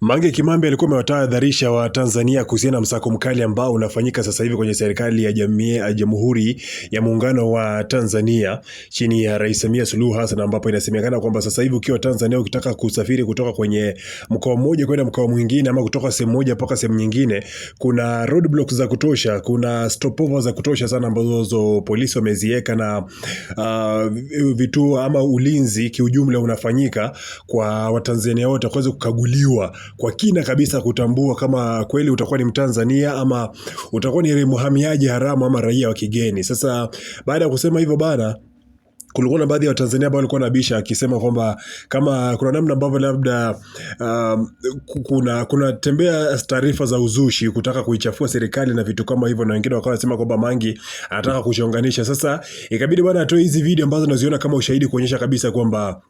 Mange Kimambi alikuwa amewatahadharisha Watanzania kuhusiana na msako mkali ambao unafanyika sasa hivi kwenye serikali ya jamii ya Jamhuri ya Muungano wa Tanzania chini ya Rais Samia Suluhu Hassan, ambapo inasemekana kwamba sasa hivi ukiwa Tanzania ukitaka kusafiri kutoka kwenye mkoa mmoja kwenda mkoa mwingine ama kutoka sehemu moja mpaka sehemu nyingine, kuna roadblocks za kutosha, kuna stopover za kutosha sana ambazo polisi wameziweka na uh, vituo ama ulinzi kiujumla unafanyika kwa Watanzania wote kuweza kukaguliwa kwa kina kabisa kutambua kama kweli utakuwa ni Mtanzania ama utakuwa ni mhamiaji haramu ama raia wa kigeni. Sasa baada ya kusema hivyo bana kulikuwa na baadhi ya Watanzania ambao walikuwa na bisha akisema kwamba kama kuna namna ambavyo labda um, kuna kuna tembea taarifa za uzushi kutaka kuichafua serikali na vitu kama hivyo, na wengine wakawa wanasema kwamba Mangi anataka kuchonganisha. Sasa ikabidi bwana atoe hizi video ambazo naziona kama ushahidi kuonyesha kabisa kwamba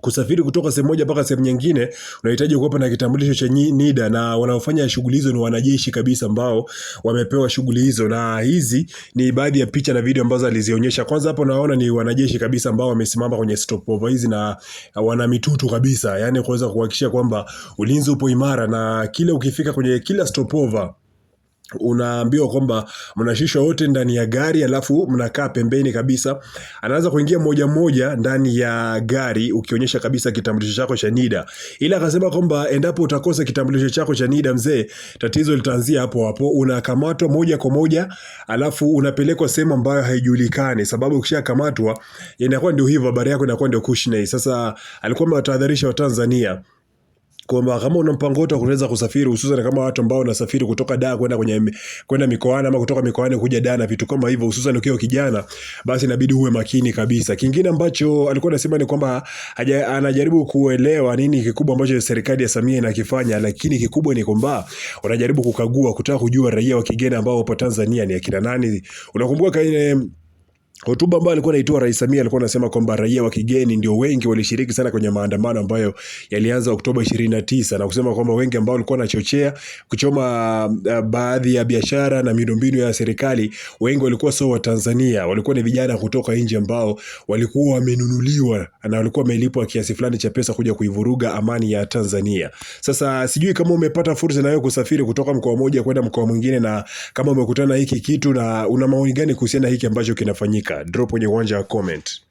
kusafiri kutoka sehemu moja mpaka sehemu nyingine, unahitaji kuwepo na kitambulisho cha NIDA, na wanaofanya shughuli hizo ni wanajeshi kabisa ambao wamepewa shughuli hizo. Na hizi ni baadhi ya picha na video ambazo alizionyesha. Kwanza hapo naona ni wanajeshi kabisa ambao wamesimama kwenye stopover hizi na wana mitutu kabisa, yani kuweza kuhakikisha kwamba ulinzi upo imara, na kila ukifika kwenye kila stopover unaambiwa kwamba mnashishwa wote ndani ya gari alafu mnakaa pembeni kabisa. Anaanza kuingia moja moja ndani ya gari ukionyesha kabisa kitambulisho chako cha NIDA, ila akasema kwamba endapo utakosa kitambulisho chako cha NIDA, mzee, tatizo litaanzia hapo hapo. Unakamatwa moja kwa moja, alafu unapelekwa sehemu ambayo haijulikani, sababu ukishakamatwa inakuwa ndio hivyo, habari yako inakuwa ndio kushine. Sasa alikuwa amewatahadharisha Watanzania kwamba kama una mpango wote wa kuweza kusafiri, hususan kama watu ambao wanasafiri kutoka Dar kwenda kwenye kwenda mikoani ama kutoka mikoani kuja Dar na vitu kama hivyo, hususan ukiwa kijana, basi inabidi uwe makini kabisa. Kingine ambacho alikuwa anasema ni kwamba anajaribu kuelewa nini kikubwa ambacho serikali ya Samia inakifanya, lakini kikubwa ni kwamba wanajaribu kukagua, kutaka kujua raia wa kigeni ambao wapo Tanzania ni akina nani. Unakumbuka kaine Hotuba ambayo alikuwa anaitoa Rais Samia alikuwa anasema kwamba raia wa kigeni ndio wengi walishiriki sana kwenye maandamano ambayo yalianza Oktoba 29 na kusema kwamba wengi ambao walikuwa wanachochea kuchoma uh, baadhi ya biashara na miundombinu ya serikali, wengi walikuwa sio wa Tanzania, walikuwa ni vijana kutoka nje ambao walikuwa wamenunuliwa na walikuwa wamelipwa kiasi fulani cha pesa kuja kuivuruga amani ya Tanzania. Sasa sijui kama umepata fursa nayo kusafiri kutoka mkoa mmoja kwenda mkoa mwingine, na kama umekutana hiki kitu na una maoni gani kuhusiana hiki ambacho kinafanyika kuandika drop kwenye uwanja wa comment